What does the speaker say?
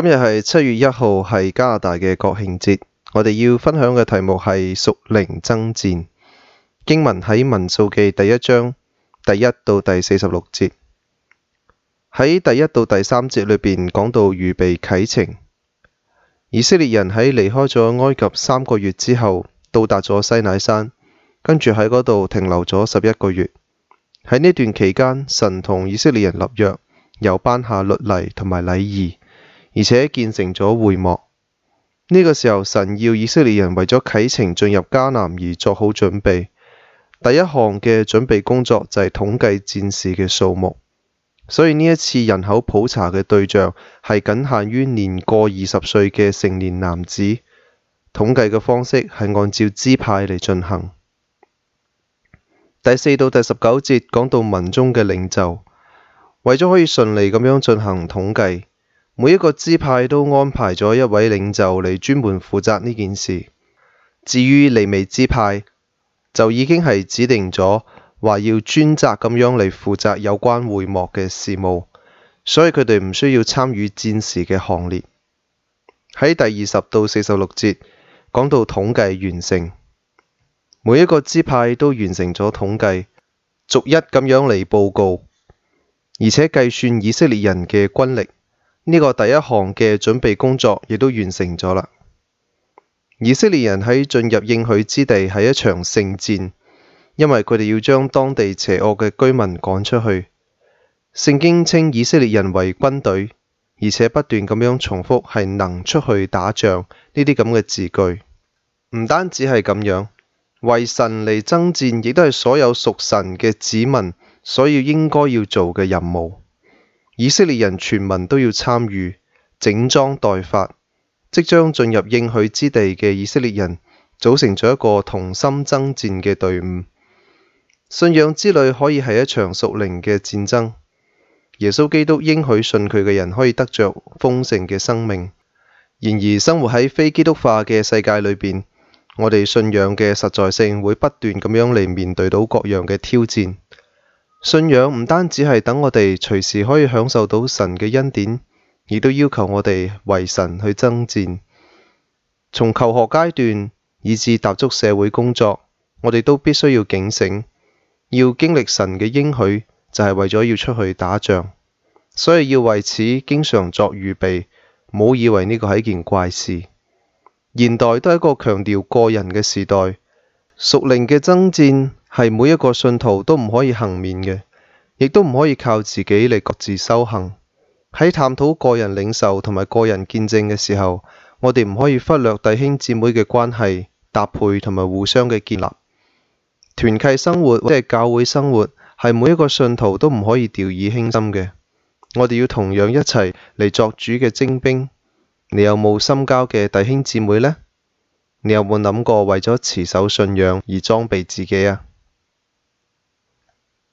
今日係七月一號，係加拿大嘅國慶節。我哋要分享嘅題目係屬靈爭戰。經文喺民數記第一章第一到第四十六節。喺第一到第三節裏邊講到預備啟程，以色列人喺離開咗埃及三個月之後到達咗西乃山，跟住喺嗰度停留咗十一個月。喺呢段期間，神同以色列人立約，又頒下律例同埋禮儀。而且建成咗會幕呢個時候，神要以色列人為咗啟程進入迦南而作好準備。第一項嘅準備工作就係統計戰士嘅數目，所以呢一次人口普查嘅對象係僅限於年過二十歲嘅成年男子。統計嘅方式係按照支派嚟進行。第四到第十九節講到民眾嘅領袖，為咗可以順利咁樣進行統計。每一個支派都安排咗一位領袖嚟專門負責呢件事。至於利未支派就已經係指定咗，話要專責咁樣嚟負責有關會幕嘅事務，所以佢哋唔需要參與戰時嘅行列。喺第二十到四十六節講到統計完成，每一個支派都完成咗統計，逐一咁樣嚟報告，而且計算以色列人嘅軍力。呢個第一項嘅準備工作亦都完成咗啦。以色列人喺進入應許之地係一場聖戰，因為佢哋要將當地邪惡嘅居民趕出去。聖經稱以色列人為軍隊，而且不斷咁樣重複係能出去打仗呢啲咁嘅字句。唔單止係咁樣，為神嚟爭戰亦都係所有屬神嘅子民所要應該要做嘅任務。以色列人全民都要參與，整裝待發，即將進入應許之地嘅以色列人，組成咗一個同心爭戰嘅隊伍。信仰之旅可以係一場屬靈嘅戰爭。耶穌基督應許信佢嘅人可以得着豐盛嘅生命。然而，生活喺非基督化嘅世界裏邊，我哋信仰嘅實在性會不斷咁樣嚟面對到各樣嘅挑戰。信仰唔單止係等我哋隨時可以享受到神嘅恩典，亦都要求我哋為神去爭戰。從求學階段以至踏足社會工作，我哋都必須要警醒，要經歷神嘅應許，就係為咗要出去打仗，所以要為此經常作預備。唔好以為呢個係一件怪事。現代都係一個強調個人嘅時代，屬靈嘅爭戰，係每一個信徒都唔可以幸免嘅，亦都唔可以靠自己嚟各自修行。喺探討個人領受同埋個人見證嘅時候，我哋唔可以忽略弟兄姊妹嘅關係搭配同埋互相嘅建立。團契生活或者教會生活，係每一個信徒都唔可以掉以輕心嘅。我哋要同樣一齊嚟作主嘅精兵。你有冇深交嘅弟兄姊妹呢？你有冇諗過為咗持守信仰而裝備自己啊？